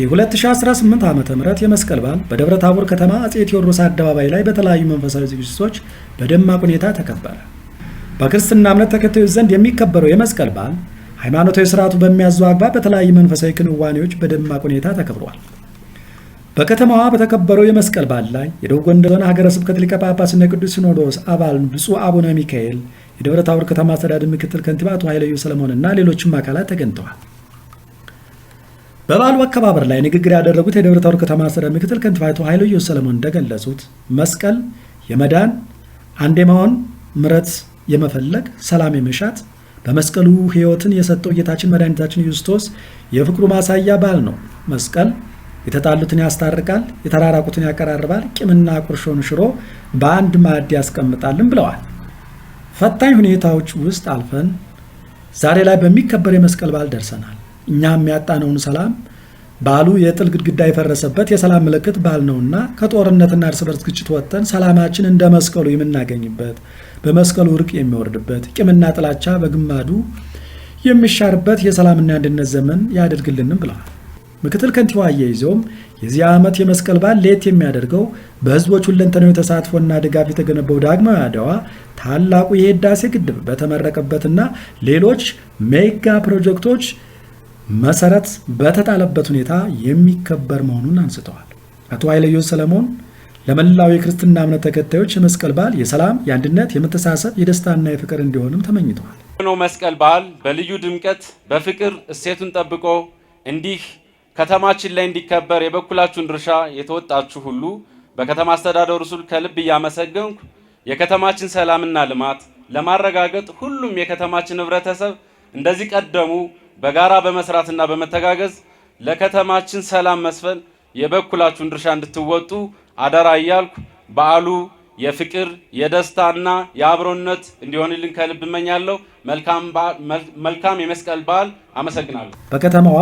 የ2018 ዓ ም የመስቀል በዓል በደብረ ታቦር ከተማ አጼ ቴዎድሮስ አደባባይ ላይ በተለያዩ መንፈሳዊ ዝግጅቶች በደማቅ ሁኔታ ተከበረ። በክርስትና እምነት ተከታዮች ዘንድ የሚከበረው የመስቀል በዓል ሃይማኖታዊ ስርዓቱ በሚያዘው አግባብ በተለያዩ መንፈሳዊ ክንዋኔዎች በደማቅ ሁኔታ ተከብሯል። በከተማዋ በተከበረው የመስቀል በዓል ላይ የደቡብ ጎንደር ዞን ሀገረ ስብከት ሊቀ ጳጳስና ቅዱስ ሲኖዶስ አባል ብፁዕ አቡነ ሚካኤል፣ የደብረ ታቦር ከተማ አስተዳደር ምክትል ከንቲባ አቶ ኃይለዩ ሰለሞንና ሌሎችም አካላት ተገኝተዋል። በበዓሉ አከባበር ላይ ንግግር ያደረጉት የደብረ ታቦር ከተማ አስተዳደር ምክትል ከንቲባ አቶ ሰለሞን እንደገለጹት መስቀል የመዳን አንዴ የመሆን ምረት የመፈለግ ሰላም የመሻት በመስቀሉ ሕይወትን የሰጠው ጌታችን መድኃኒታችን ኢየሱስ ክርስቶስ የፍቅሩ ማሳያ በዓል ነው። መስቀል የተጣሉትን ያስታርቃል፣ የተራራቁትን ያቀራርባል፣ ቂምና ቁርሾን ሽሮ በአንድ ማዕድ ያስቀምጣልን ብለዋል። ፈታኝ ሁኔታዎች ውስጥ አልፈን ዛሬ ላይ በሚከበር የመስቀል በዓል ደርሰናል። እኛ የሚያጣነውን ሰላም ባሉ የጥል ግድግዳ የፈረሰበት የሰላም ምልክት ባል ነውና ከጦርነትና እርስ በርስ ግጭት ወጥተን ሰላማችን እንደ መስቀሉ የምናገኝበት በመስቀሉ እርቅ የሚወርድበት ቂምና ጥላቻ በግማዱ የሚሻርበት የሰላምና አንድነት ዘመን ያደርግልንም ብለዋል። ምክትል ከንቲባ አያይዘውም የዚህ ዓመት የመስቀል በዓል ለየት የሚያደርገው በህዝቦች ሁለንተናዊ ተሳትፎና ድጋፍ የተገነባው ዳግማዊ አድዋ ታላቁ የህዳሴ ግድብ በተመረቀበትና ሌሎች ሜጋ ፕሮጀክቶች መሰረት በተጣለበት ሁኔታ የሚከበር መሆኑን አንስተዋል። አቶ ኃይለየሱስ ሰለሞን ለመላው የክርስትና እምነት ተከታዮች የመስቀል በዓል የሰላም፣ የአንድነት፣ የመተሳሰብ፣ የደስታና የፍቅር እንዲሆንም ተመኝተዋል። መስቀል በዓል በልዩ ድምቀት በፍቅር እሴቱን ጠብቆ እንዲህ ከተማችን ላይ እንዲከበር የበኩላችሁን ድርሻ የተወጣችሁ ሁሉ በከተማ አስተዳደሩ ሱል ከልብ እያመሰገንኩ የከተማችን ሰላምና ልማት ለማረጋገጥ ሁሉም የከተማችን ህብረተሰብ እንደዚህ ቀደሙ በጋራ በመስራትና በመተጋገዝ ለከተማችን ሰላም መስፈን የበኩላችሁን ድርሻ እንድትወጡ አደራ እያልኩ በዓሉ የፍቅር የደስታና የአብሮነት እንዲሆንልን ከልብ እመኛለሁ። መልካም የመስቀል በዓል። አመሰግናለሁ። በከተማዋ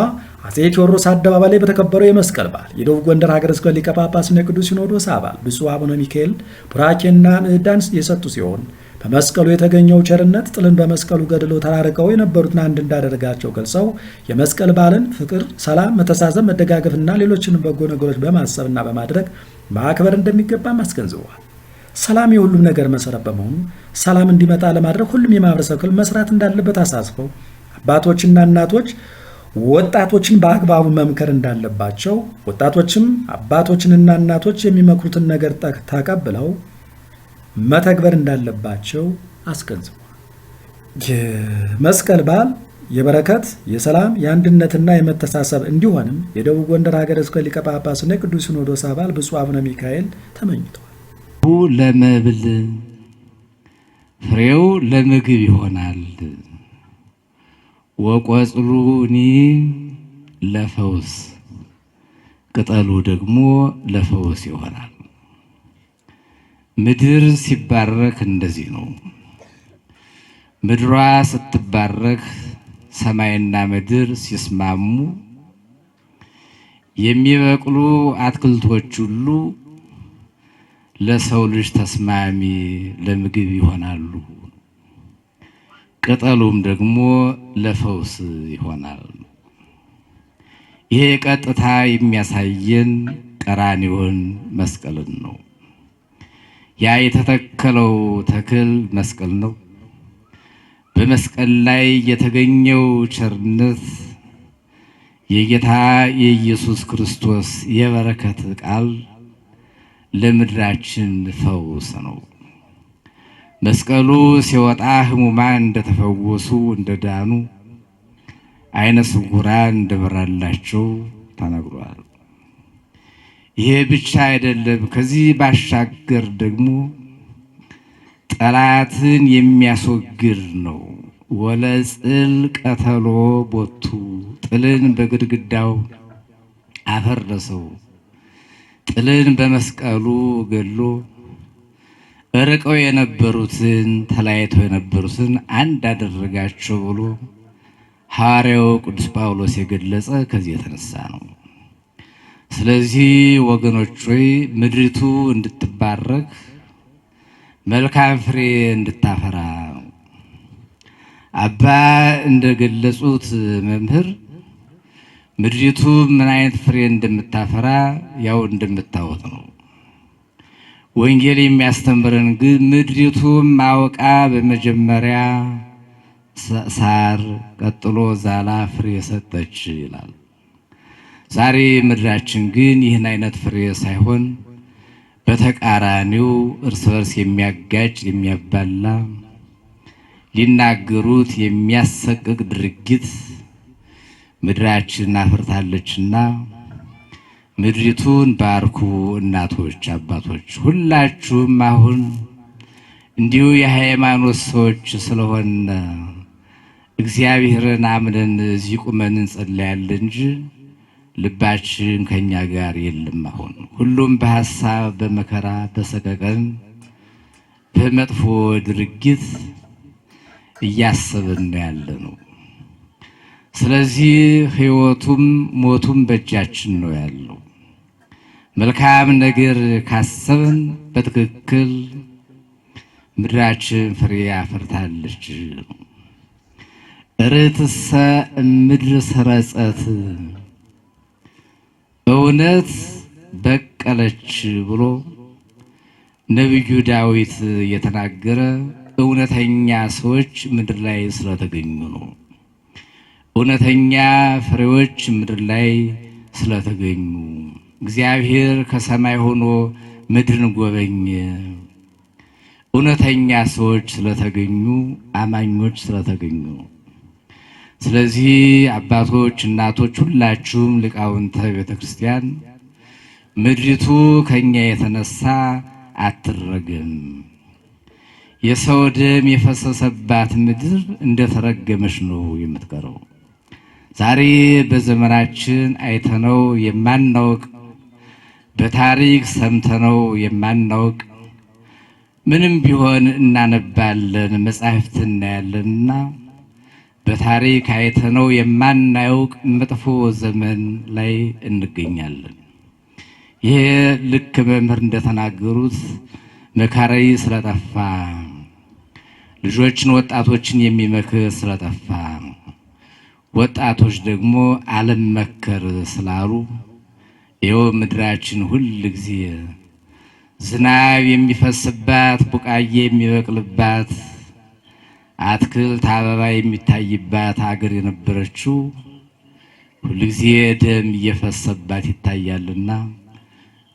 አጼ ቴዎድሮስ አደባባይ ላይ በተከበረው የመስቀል በዓል የደቡብ ጎንደር ሀገረ ስብከት ሊቀ ጳጳስና የቅዱስ ሲኖዶስ አባል ብፁዕ አቡነ ሚካኤል ቡራኬና ምዕዳን የሰጡ ሲሆን በመስቀሉ የተገኘው ቸርነት ጥልን በመስቀሉ ገድሎ ተራርቀው የነበሩትን አንድ እንዳደረጋቸው ገልጸው የመስቀል በዓልን ፍቅር፣ ሰላም፣ መተሳሰብ፣ መደጋገፍና ሌሎችንም በጎ ነገሮች በማሰብና በማድረግ ማክበር እንደሚገባም አስገንዝበዋል። ሰላም የሁሉም ነገር መሰረት በመሆኑ ሰላም እንዲመጣ ለማድረግ ሁሉም የማህበረሰብ ክፍል መስራት እንዳለበት አሳስበው አባቶችና እናቶች ወጣቶችን በአግባቡ መምከር እንዳለባቸው፣ ወጣቶችም አባቶችንና እናቶች የሚመክሩትን ነገር ተቀብለው መተግበር እንዳለባቸው አስገንዝቧል። የመስቀል በዓል የበረከት የሰላም የአንድነትና የመተሳሰብ እንዲሆንም የደቡብ ጎንደር ሀገረ ስብከት ሊቀ ጳጳስና የቅዱስ ሲኖዶስ አባል ብፁዕ አቡነ ሚካኤል ተመኝተዋል። ለመብል ፍሬው ለምግብ ይሆናል፣ ወቆጽሉኒ ለፈውስ ቅጠሉ ደግሞ ለፈውስ ይሆናል። ምድር ሲባረክ እንደዚህ ነው። ምድሯ ስትባረክ ሰማይና ምድር ሲስማሙ የሚበቅሉ አትክልቶች ሁሉ ለሰው ልጅ ተስማሚ ለምግብ ይሆናሉ። ቅጠሉም ደግሞ ለፈውስ ይሆናል። ይሄ ቀጥታ የሚያሳየን ቀራንዮን መስቀልን ነው። ያ የተተከለው ተክል መስቀል ነው። በመስቀል ላይ የተገኘው ቸርነት የጌታ የኢየሱስ ክርስቶስ የበረከት ቃል ለምድራችን ፈውስ ነው። መስቀሉ ሲወጣ ሕሙማን እንደተፈወሱ እንደዳኑ፣ አይነ ስውራን እንደበራላቸው ተነግሯል። ይሄ ብቻ አይደለም። ከዚህ ባሻገር ደግሞ ጠላትን የሚያስወግድ ነው። ወለጽል ቀተሎ ቦቱ ጥልን በግድግዳው አፈረሰው። ጥልን በመስቀሉ ገሎ ርቀው የነበሩትን ተለያይተው የነበሩትን አንድ አደረጋቸው ብሎ ሐዋርያው ቅዱስ ጳውሎስ የገለጸ ከዚህ የተነሳ ነው። ስለዚህ ወገኖች ሆይ ምድሪቱ እንድትባረክ መልካም ፍሬ እንድታፈራ አባ እንደገለጹት መምህር ምድሪቱ ምን አይነት ፍሬ እንደምታፈራ ያው እንደምታወቅ ነው። ወንጌል የሚያስተምረን ግን ምድሪቱም አውቃ በመጀመሪያ ሳር፣ ቀጥሎ ዛላ ፍሬ ሰጠች ይላል። ዛሬ ምድራችን ግን ይህን አይነት ፍሬ ሳይሆን በተቃራኒው እርስ በርስ የሚያጋጭ የሚያባላ ሊናገሩት የሚያሰቅቅ ድርጊት ምድራችን አፍርታለችና ምድሪቱን ባርኩ እናቶች፣ አባቶች ሁላችሁም አሁን እንዲሁ የሃይማኖት ሰዎች ስለሆነ እግዚአብሔርን አምነን እዚህ ቁመን እንጸለያለን እንጂ ልባችን ከኛ ጋር የለም። አሁን ሁሉም በሐሳብ በመከራ በሰቀቀን በመጥፎ ድርጊት እያሰብን ያለ ነው። ስለዚህ ሕይወቱም ሞቱም በእጃችን ነው ያለው። መልካም ነገር ካሰብን በትክክል ምድራችን ፍሬ ያፈርታለች። ርትሰ እምድር ሰረጸት በእውነት በቀለች ብሎ ነቢዩ ዳዊት የተናገረ እውነተኛ ሰዎች ምድር ላይ ስለተገኙ ነው። እውነተኛ ፍሬዎች ምድር ላይ ስለተገኙ እግዚአብሔር ከሰማይ ሆኖ ምድርን ጎበኘ። እውነተኛ ሰዎች ስለተገኙ፣ አማኞች ስለተገኙ ስለዚህ አባቶች፣ እናቶች ሁላችሁም ሊቃውንተ ቤተ ክርስቲያን ምድሪቱ ከኛ የተነሳ አትረገም። የሰው ደም የፈሰሰባት ምድር እንደተረገመች ነው የምትቀረው። ዛሬ በዘመናችን አይተነው የማናውቅ በታሪክ ሰምተነው የማናውቅ ምንም ቢሆን እናነባለን፣ መጻሕፍት እናያለንና በታሪክ አይተነው የማናየው መጥፎ ዘመን ላይ እንገኛለን። ይሄ ልክ መምህር እንደተናገሩት መካሪ ስለጠፋ ልጆችን፣ ወጣቶችን የሚመክር ስለጠፋ ወጣቶች ደግሞ መከር ስላሉ ይኸው ምድራችን ሁል ጊዜ ዝናብ የሚፈስባት ቡቃዬ የሚበቅልባት አትክልት አበባ የሚታይባት አገር የነበረችው ሁልጊዜ ደም እየፈሰባት ይታያልና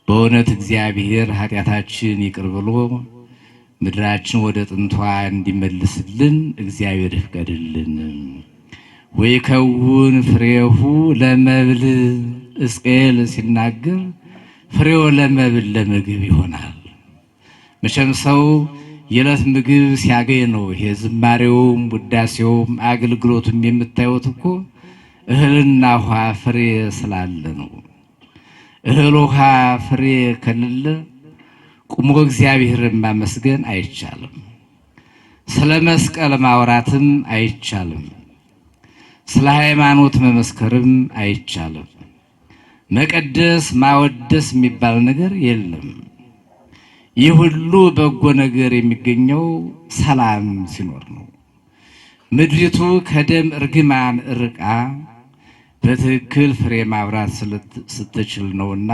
በእውነት እግዚአብሔር ኃጢአታችን ይቅር ብሎ ምድራችን ወደ ጥንቷ እንዲመልስልን እግዚአብሔር ይፍቀድልን። ከውን ፍሬሁ ለመብል እስቅኤል ሲናገር ፍሬው ለመብል ለምግብ ይሆናል። መቼም ሰው የዕለት ምግብ ሲያገኝ ነው። ይሄ ውዳሴውም አገልግሎቱም የምታዩት እኮ እህልና ውሃ ፍሬ ስላለ ነው። እህል ውሃ ፍሬ ከሌለ ቁሞ እግዚአብሔርን ማመስገን አይቻልም። ስለ መስቀል ማውራትም አይቻልም። ስለ ሃይማኖት መመስከርም አይቻልም። መቀደስ ማወደስ የሚባል ነገር የለም። ይህ ሁሉ በጎ ነገር የሚገኘው ሰላም ሲኖር ነው። ምድሪቱ ከደም እርግማን ርቃ በትክክል ፍሬ ማብራት ስትችል ነውና፣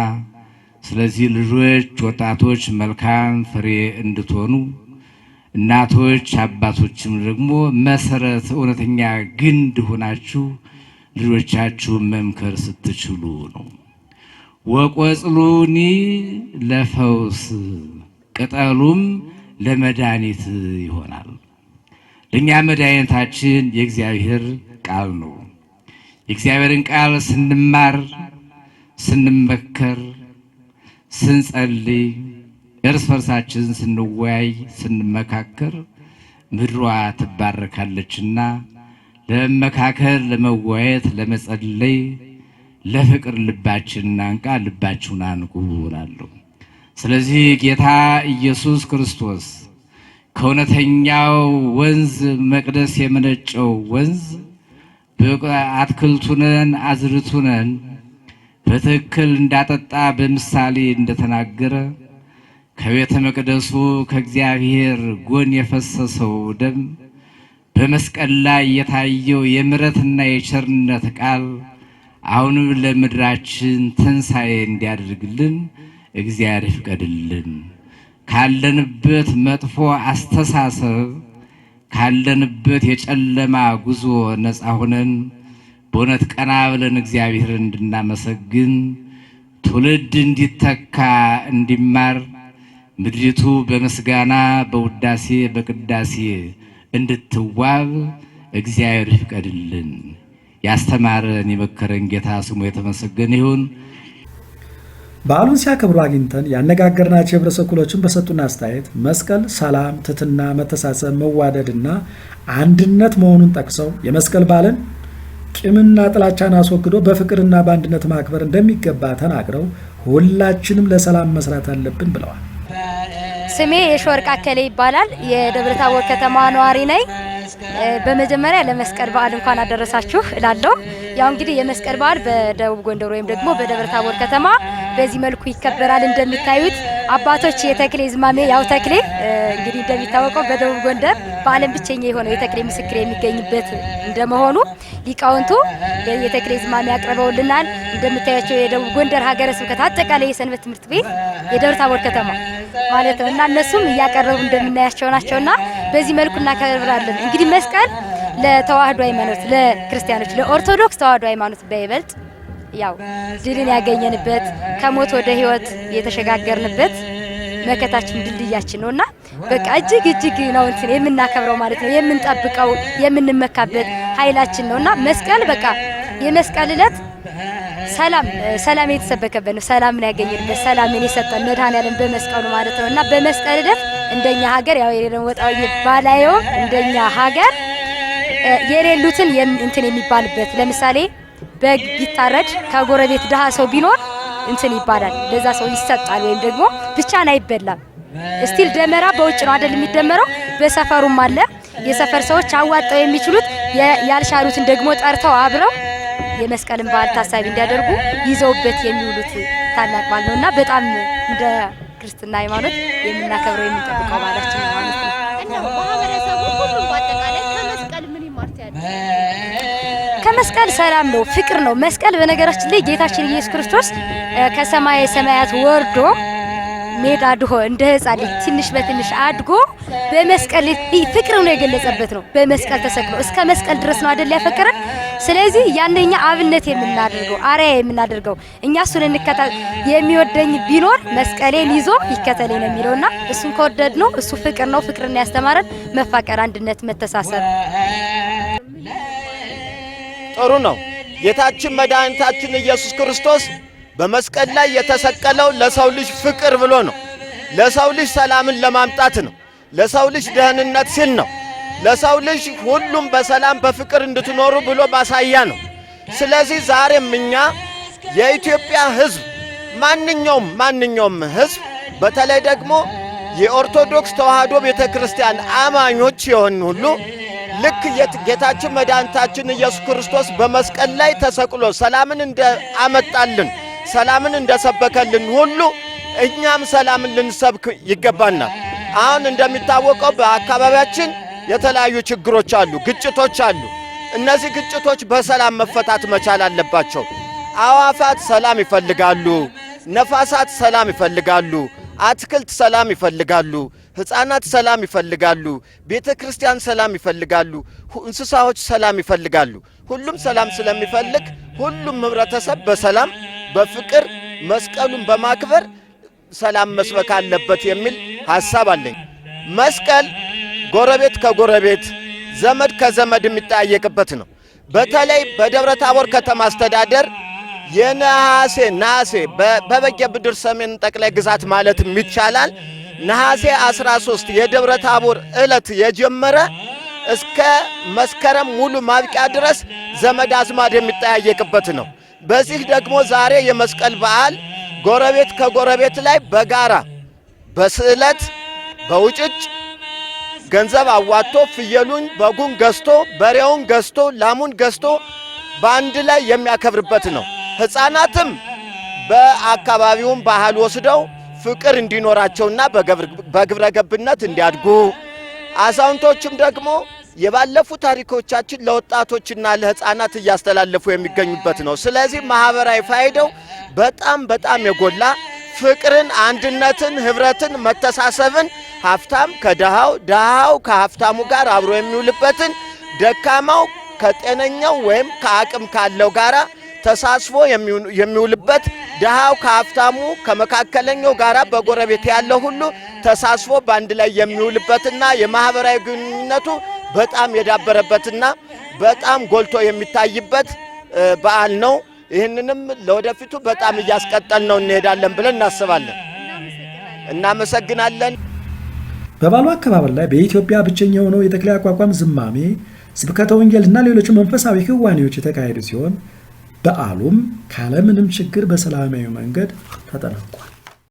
ስለዚህ ልጆች፣ ወጣቶች መልካም ፍሬ እንድትሆኑ እናቶች አባቶችም ደግሞ መሰረት እውነተኛ ግንድ ሆናችሁ ልጆቻችሁ መምከር ስትችሉ ነው። ወቆጽሉኒ ለፈውስ ቅጠሉም ለመድኃኒት ይሆናል። ለእኛ መድኃኒታችን የእግዚአብሔር ቃል ነው። የእግዚአብሔርን ቃል ስንማር፣ ስንመከር፣ ስንጸልይ፣ እርስ በርሳችን ስንወያይ፣ ስንመካከር ምድሯ ትባረካለችና ለመመካከር፣ ለመወያየት፣ ለመጸለይ ለፍቅር ልባችንን አንቃ ልባችሁን አንቁ እላለሁ። ስለዚህ ጌታ ኢየሱስ ክርስቶስ ከእውነተኛው ወንዝ መቅደስ የመነጨው ወንዝ አትክልቱንን አዝርቱንን በትክክል እንዳጠጣ በምሳሌ እንደተናገረ ከቤተ መቅደሱ ከእግዚአብሔር ጎን የፈሰሰው ደም በመስቀል ላይ የታየው የምረትና የቸርነት ቃል አሁንም ለምድራችን ትንሣኤ እንዲያደርግልን እግዚአብሔር ይፍቀድልን። ካለንበት መጥፎ አስተሳሰብ ካለንበት የጨለማ ጉዞ ነፃ ሆነን በእውነት ቀና ብለን እግዚአብሔር እንድናመሰግን ትውልድ እንዲተካ እንዲማር ምድሪቱ በምስጋና በውዳሴ በቅዳሴ እንድትዋብ እግዚአብሔር ይፍቀድልን። ያስተማረን የመከረን ጌታ ስሙ የተመሰገነ ይሁን። በዓሉን ሲያከብሩ አግኝተን ያነጋገርናቸው የህብረተሰብ ክፍሎችን በሰጡን አስተያየት መስቀል ሰላም፣ ትህትና፣ መተሳሰብ፣ መዋደድና አንድነት መሆኑን ጠቅሰው የመስቀል በዓልን ቂምና ጥላቻን አስወግዶ በፍቅርና በአንድነት ማክበር እንደሚገባ ተናግረው ሁላችንም ለሰላም መስራት አለብን ብለዋል። ስሜ የሾወርቅ አከሌ ይባላል። የደብረ ታቦር ከተማ ነዋሪ ነኝ። በመጀመሪያ ለመስቀል በዓል እንኳን አደረሳችሁ እላለሁ። ያው እንግዲህ የመስቀል በዓል በደቡብ ጎንደር ወይም ደግሞ በደብረ ታቦር ከተማ በዚህ መልኩ ይከበራል። እንደሚታዩት አባቶች የተክሌ ዝማሜ ያው ተክሌ እንግዲህ እንደሚታወቀው በደቡብ ጎንደር በዓለም ብቸኛ የሆነው የተክሌ ምስክር የሚገኝበት እንደመሆኑ ሊቃውንቱ የተክሌ ዝማሜ አቅርበውልናል። እንደምታያቸው የደቡብ ጎንደር ሀገረ ስብከት አጠቃላይ የሰንበት ትምህርት ቤት የደብረ ታቦር ከተማ ማለት ነው እና እነሱም እያቀረቡ እንደምናያቸው ናቸውና በዚህ መልኩ እናከብራለን። እንግዲህ መስቀል ለተዋህዶ ሃይማኖት ለክርስቲያኖች ለኦርቶዶክስ ተዋህዶ ሃይማኖት በይበልጥ ያው ድልን ያገኘንበት ከሞት ወደ ህይወት የተሸጋገርንበት መከታችን ድልድያችን ነውና በቃ እጅግ እጅግ ነው እንትን የምናከብረው ማለት ነው የምንጠብቀው የምንመካበት ኃይላችን ነውና መስቀል በቃ የመስቀል ዕለት ሰላም ሰላም የተሰበከበት ነው። ሰላምን ያገኘንበት ሰላምን የሰጠን መድኃኔዓለም በመስቀሉ ማለት ነውና በመስቀል ዕለት እንደኛ ሀገር ያው የሌለን ወጣው ባላየው እንደኛ ሀገር የሌሉትን እንትን የሚባልበት ለምሳሌ በግ ቢታረድ ከጎረቤት ድሃ ሰው ቢኖር እንትን ይባላል ለዛ ሰው ይሰጣል፣ ወይም ደግሞ ብቻን አይበላም። እስቲል ደመራ በውጭ ነው አይደል የሚደመረው? በሰፈሩም አለ። የሰፈር ሰዎች አዋጠው የሚችሉት ያልሻሉትን ደግሞ ጠርተው አብረው የመስቀልን በዓል ታሳቢ እንዲያደርጉ ይዘውበት የሚውሉት ታላቅ በዓል ነው እና በጣም እንደ ክርስትና ሃይማኖት የምናከብረው የምንጠብቀው ባህላችን ነው ማለት ነው። መስቀል ሰላም ነው፣ ፍቅር ነው። መስቀል በነገራችን ላይ ጌታችን ኢየሱስ ክርስቶስ ከሰማየ ሰማያት ወርዶ ሜዳ ድሆ እንደ ሕፃን ልጅ ትንሽ በትንሽ አድጎ በመስቀል ፍቅር ነው የገለጸበት ነው። በመስቀል ተሰቅሎ እስከ መስቀል ድረስ ነው አይደል ያፈቀረን። ስለዚህ ያንደኛ አብነት የምናደርገው አሪያ የምናደርገው እኛ እሱን እንከታ የሚወደኝ ቢኖር መስቀሌን ይዞ ይከተለኝ ነው የሚለው የሚለውና እሱን ከወደድ ነው እሱ ፍቅር ነው። ፍቅርን ያስተማረን መፋቀር፣ አንድነት፣ መተሳሰብ ጥሩ ነው። ጌታችን መድኃኒታችን ኢየሱስ ክርስቶስ በመስቀል ላይ የተሰቀለው ለሰው ልጅ ፍቅር ብሎ ነው። ለሰው ልጅ ሰላምን ለማምጣት ነው። ለሰው ልጅ ደህንነት ሲል ነው። ለሰው ልጅ ሁሉም በሰላም በፍቅር እንድትኖሩ ብሎ ማሳያ ነው። ስለዚህ ዛሬም እኛ የኢትዮጵያ ሕዝብ ማንኛውም ማንኛውም ሕዝብ በተለይ ደግሞ የኦርቶዶክስ ተዋህዶ ቤተ ክርስቲያን አማኞች የሆን ሁሉ ልክ ጌታችን መድኃኒታችን ኢየሱስ ክርስቶስ በመስቀል ላይ ተሰቅሎ ሰላምን እንዳመጣልን፣ ሰላምን እንደሰበከልን ሁሉ እኛም ሰላምን ልንሰብክ ይገባናል። አሁን እንደሚታወቀው በአካባቢያችን የተለያዩ ችግሮች አሉ፣ ግጭቶች አሉ። እነዚህ ግጭቶች በሰላም መፈታት መቻል አለባቸው። አዋፋት ሰላም ይፈልጋሉ። ነፋሳት ሰላም ይፈልጋሉ። አትክልት ሰላም ይፈልጋሉ። ህጻናት ሰላም ይፈልጋሉ። ቤተ ክርስቲያን ሰላም ይፈልጋሉ። እንስሳዎች ሰላም ይፈልጋሉ። ሁሉም ሰላም ስለሚፈልግ ሁሉም ህብረተሰብ በሰላም በፍቅር መስቀሉን በማክበር ሰላም መስበክ አለበት የሚል ሐሳብ አለኝ። መስቀል ጎረቤት ከጎረቤት ዘመድ ከዘመድ የሚጠያየቅበት ነው። በተለይ በደብረ ታቦር ከተማ አስተዳደር የነሐሴ ነሐሴ በበጌ ብድር ሰሜን ጠቅላይ ግዛት ማለትም ይቻላል ነሐሴ 13 የደብረ ታቦር ዕለት የጀመረ እስከ መስከረም ሙሉ ማብቂያ ድረስ ዘመድ አዝማድ የሚጠያየቅበት ነው። በዚህ ደግሞ ዛሬ የመስቀል በዓል ጎረቤት ከጎረቤት ላይ በጋራ በስዕለት በውጭጭ ገንዘብ አዋጥቶ ፍየሉን በጉን ገዝቶ በሬውን ገዝቶ ላሙን ገዝቶ በአንድ ላይ የሚያከብርበት ነው። ሕፃናትም በአካባቢውን ባህል ወስደው ፍቅር እንዲኖራቸውና በግብረ ገብነት እንዲያድጉ አዛውንቶችም ደግሞ የባለፉ ታሪኮቻችን ለወጣቶችና ለሕፃናት እያስተላለፉ የሚገኙበት ነው። ስለዚህ ማህበራዊ ፋይዳው በጣም በጣም የጎላ ፍቅርን፣ አንድነትን፣ ህብረትን መተሳሰብን ሀብታም ከድሃው ድሃው ከሀብታሙ ጋር አብሮ የሚውልበትን ደካማው ከጤነኛው ወይም ከአቅም ካለው ጋራ ተሳስቦ የሚውልበት ድሃው ከሀብታሙ ከመካከለኛው ጋራ በጎረቤት ያለው ሁሉ ተሳስቦ በአንድ ላይ የሚውልበትና የማህበራዊ ግንኙነቱ በጣም የዳበረበትና በጣም ጎልቶ የሚታይበት በዓል ነው። ይህንንም ለወደፊቱ በጣም እያስቀጠል ነው እንሄዳለን ብለን እናስባለን። እናመሰግናለን። በባሉ አከባበር ላይ በኢትዮጵያ ብቸኛ የሆነው የተክለ አቋቋም ዝማሜ፣ ስብከተ ወንጌልና ሌሎቹ መንፈሳዊ ክዋኔዎች የተካሄዱ ሲሆን በዓሉም ካለምንም ችግር በሰላማዊ መንገድ ተጠናቋል።